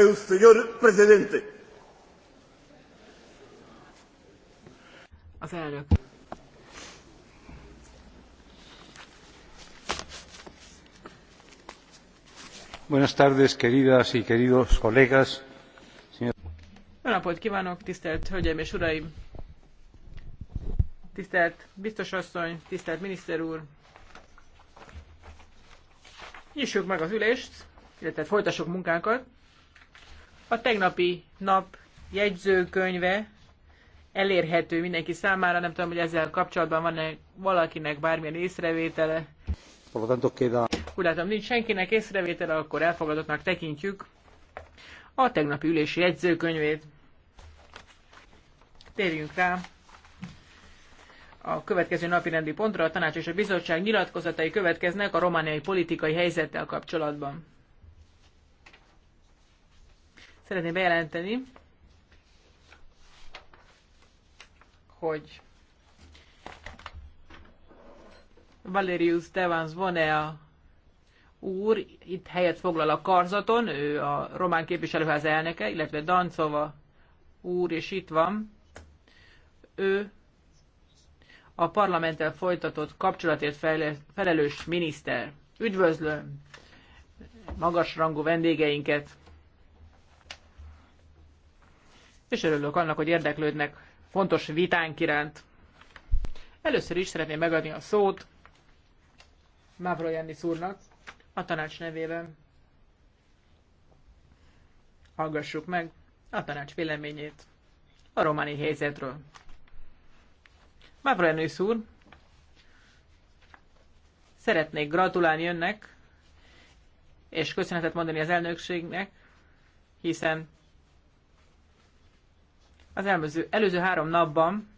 el señor presidente. Buenas tardes, queridas y queridos colegas. Señor... Jó napot kívánok, tisztelt Hölgyeim és Uraim! Tisztelt biztos asszony, tisztelt miniszter úr! Nyissuk meg az ülést, illetve folytassuk munkánkat. A tegnapi nap jegyzőkönyve elérhető mindenki számára, nem tudom, hogy ezzel kapcsolatban van-e valakinek bármilyen észrevétele. Úgy látom, nincs senkinek észrevétele, akkor elfogadottnak tekintjük a tegnapi ülési jegyzőkönyvét. Térjünk rá a következő napi rendi pontra. A tanács és a bizottság nyilatkozatai következnek a romániai politikai helyzettel kapcsolatban. Szeretném bejelenteni, hogy Valerius Devans -e a úr itt helyet foglal a karzaton, ő a román képviselőház elnöke, illetve Dancova úr és itt van. Ő a parlamenttel folytatott kapcsolatért felelős miniszter. Üdvözlöm magasrangú vendégeinket! és örülök annak, hogy érdeklődnek fontos vitánk iránt. Először is szeretném megadni a szót Mavrojannis szúrnak a tanács nevében. Hallgassuk meg a tanács véleményét a románi helyzetről. Mavrojannis szúr, szeretnék gratulálni önnek, és köszönetet mondani az elnökségnek, hiszen az előző, előző három napban